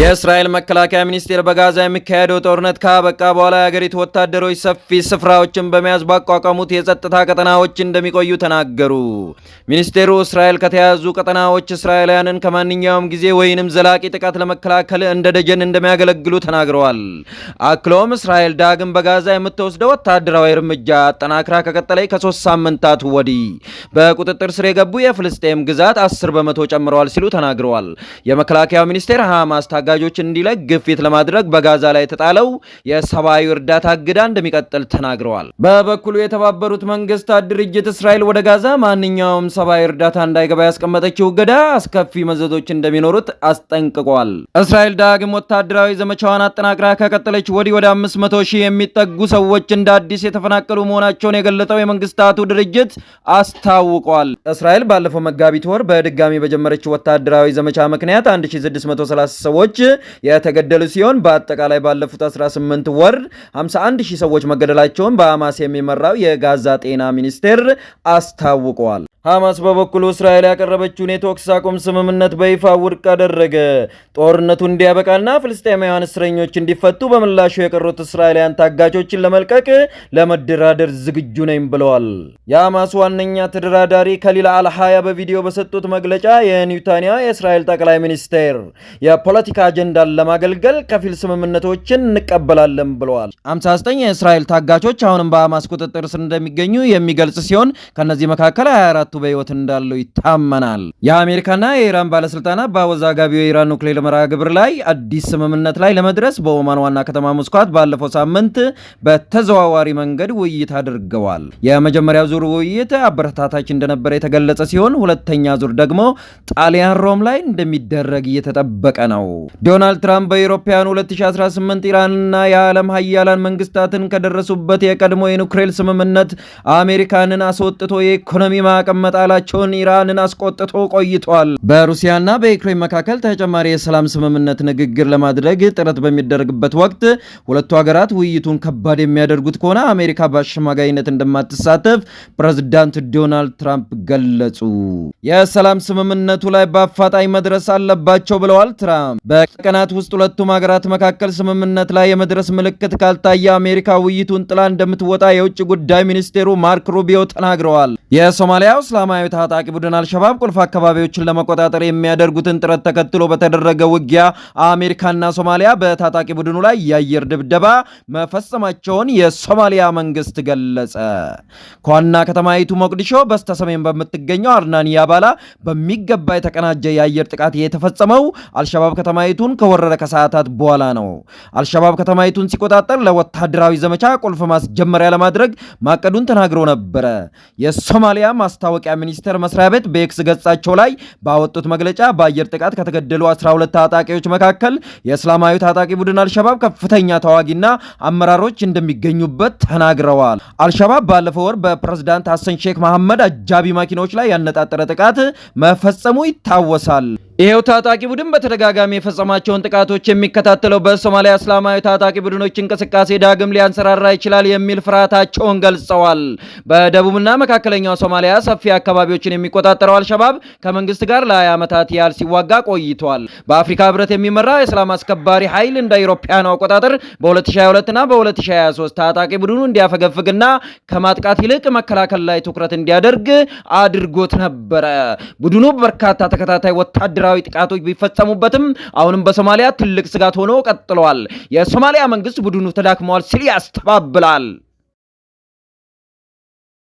የእስራኤል መከላከያ ሚኒስቴር በጋዛ የሚካሄደው ጦርነት ካበቃ በኋላ የአገሪቱ ወታደሮች ሰፊ ስፍራዎችን በመያዝ ባቋቋሙት የጸጥታ ቀጠናዎች እንደሚቆዩ ተናገሩ። ሚኒስቴሩ እስራኤል ከተያዙ ቀጠናዎች እስራኤላውያንን ከማንኛውም ጊዜ ወይንም ዘላቂ ጥቃት ለመከላከል እንደ ደጀን እንደሚያገለግሉ ተናግረዋል። አክሎም እስራኤል ዳግም በጋዛ የምትወስደው ወታደራዊ እርምጃ አጠናክራ ከቀጠለይ ከሶስት ሳምንታት ወዲህ በቁጥጥር ስር የገቡ የፍልስጤም ግዛት አስር በመቶ ጨምረዋል ሲሉ ተናግረዋል። የመከላከያው ሚኒስቴር ሐማስ ታጋ ታጋጆች እንዲለቅ ግፊት ለማድረግ በጋዛ ላይ የተጣለው የሰብአዊ እርዳታ እገዳ እንደሚቀጥል ተናግረዋል። በበኩሉ የተባበሩት መንግስታት ድርጅት እስራኤል ወደ ጋዛ ማንኛውም ሰብአዊ እርዳታ እንዳይገባ ያስቀመጠችው እገዳ አስከፊ መዘዞች እንደሚኖሩት አስጠንቅቋል። እስራኤል ዳግም ወታደራዊ ዘመቻዋን አጠናቅራ ከቀጠለች ወዲህ ወደ 500 ሺህ የሚጠጉ ሰዎች እንደ አዲስ የተፈናቀሉ መሆናቸውን የገለጠው የመንግስታቱ ድርጅት አስታውቋል። እስራኤል ባለፈው መጋቢት ወር በድጋሚ በጀመረችው ወታደራዊ ዘመቻ ምክንያት 1630 ሰዎች የተገደሉ ሲሆን በአጠቃላይ ባለፉት 18 ወር 51 ሺህ ሰዎች መገደላቸውን በሐማስ የሚመራው የጋዛ ጤና ሚኒስቴር አስታውቋል። ሐማስ በበኩሉ እስራኤል ያቀረበችውን የተኩስ አቁም ስምምነት በይፋ ውድቅ አደረገ። ጦርነቱ እንዲያበቃና ፍልስጤማውያን እስረኞች እንዲፈቱ በምላሹ የቀሩት እስራኤላውያን ታጋቾችን ለመልቀቅ ለመደራደር ዝግጁ ነኝ ብለዋል። የሐማስ ዋነኛ ተደራዳሪ ከሊል አልሃያ በቪዲዮ በሰጡት መግለጫ የኔታንያ የእስራኤል ጠቅላይ ሚኒስቴር የፖለቲካ አጀንዳን ለማገልገል ከፊል ስምምነቶችን እንቀበላለን ብለዋል። 59 የእስራኤል ታጋቾች አሁንም በሐማስ ቁጥጥር ስር እንደሚገኙ የሚገልጽ ሲሆን ከእነዚህ መካከል 24 አራቱ በህይወት እንዳሉ ይታመናል። የአሜሪካና የኢራን ባለስልጣናት በአወዛጋቢው የኢራን ኑክሌር መርሃ ግብር ላይ አዲስ ስምምነት ላይ ለመድረስ በኦማን ዋና ከተማ ሙስኳት ባለፈው ሳምንት በተዘዋዋሪ መንገድ ውይይት አድርገዋል። የመጀመሪያው ዙር ውይይት አበረታታች እንደነበረ የተገለጸ ሲሆን ሁለተኛ ዙር ደግሞ ጣሊያን ሮም ላይ እንደሚደረግ እየተጠበቀ ነው። ዶናልድ ትራምፕ በአውሮፓውያኑ 2018 ኢራንና የዓለም ሀያላን መንግስታትን ከደረሱበት የቀድሞ የኑክሌር ስምምነት አሜሪካንን አስወጥቶ የኢኮኖሚ ማዕቀብ መጣላቸውን ኢራንን አስቆጥቶ ቆይቷል። በሩሲያና በዩክሬን መካከል ተጨማሪ የሰላም ስምምነት ንግግር ለማድረግ ጥረት በሚደረግበት ወቅት ሁለቱ ሀገራት ውይይቱን ከባድ የሚያደርጉት ከሆነ አሜሪካ በአሸማጋይነት እንደማትሳተፍ ፕሬዝዳንት ዶናልድ ትራምፕ ገለጹ። የሰላም ስምምነቱ ላይ በአፋጣኝ መድረስ አለባቸው ብለዋል ትራምፕ። በቀናት ውስጥ ሁለቱም ሀገራት መካከል ስምምነት ላይ የመድረስ ምልክት ካልታየ አሜሪካ ውይይቱን ጥላ እንደምትወጣ የውጭ ጉዳይ ሚኒስቴሩ ማርክ ሩቢዮ ተናግረዋል። የሶማሊያው እስላማዊ ታጣቂ ቡድን አልሸባብ ቁልፍ አካባቢዎችን ለመቆጣጠር የሚያደርጉትን ጥረት ተከትሎ በተደረገ ውጊያ አሜሪካና ሶማሊያ በታጣቂ ቡድኑ ላይ የአየር ድብደባ መፈጸማቸውን የሶማሊያ መንግስት ገለጸ። ከዋና ከተማይቱ ሞቅዲሾ በስተሰሜን በምትገኘው አርናኒ አባላ በሚገባ የተቀናጀ የአየር ጥቃት የተፈጸመው አልሸባብ ከተማይቱን ከወረረ ከሰዓታት በኋላ ነው። አልሸባብ ከተማይቱን ሲቆጣጠር ለወታደራዊ ዘመቻ ቁልፍ ማስጀመሪያ ለማድረግ ማቀዱን ተናግሮ ነበረ። የሶማሊያ ማስታወ ማስታወቂያ ሚኒስቴር መስሪያ ቤት በኤክስ ገጻቸው ላይ ባወጡት መግለጫ በአየር ጥቃት ከተገደሉ 12 ታጣቂዎች መካከል የእስላማዊ ታጣቂ ቡድን አልሸባብ ከፍተኛ ተዋጊና አመራሮች እንደሚገኙበት ተናግረዋል። አልሸባብ ባለፈው ወር በፕሬዝዳንት ሐሰን ሼክ መሐመድ አጃቢ መኪናዎች ላይ ያነጣጠረ ጥቃት መፈጸሙ ይታወሳል። ይኸው ታጣቂ ቡድን በተደጋጋሚ የፈጸማቸውን ጥቃቶች የሚከታተለው በሶማሊያ እስላማዊ ታጣቂ ቡድኖች እንቅስቃሴ ዳግም ሊያንሰራራ ይችላል የሚል ፍርሃታቸውን ገልጸዋል። በደቡብና መካከለኛው ሶማሊያ ሰፊ አካባቢዎችን የሚቆጣጠረው አልሸባብ ከመንግስት ጋር ለ20 ዓመታት ያህል ሲዋጋ ቆይቷል። በአፍሪካ ህብረት የሚመራ የሰላም አስከባሪ ኃይል እንደ አውሮፓውያኑ አቆጣጠር በ2022ና በ2023 ታጣቂ ቡድኑ እንዲያፈገፍግና ከማጥቃት ይልቅ መከላከል ላይ ትኩረት እንዲያደርግ አድርጎት ነበረ። ቡድኑ በርካታ ተከታታይ ወታደራ ወታደራዊ ጥቃቶች ቢፈጸሙበትም አሁንም በሶማሊያ ትልቅ ስጋት ሆኖ ቀጥሏል። የሶማሊያ መንግስት ቡድኑ ተዳክመዋል ሲል ያስተባብላል።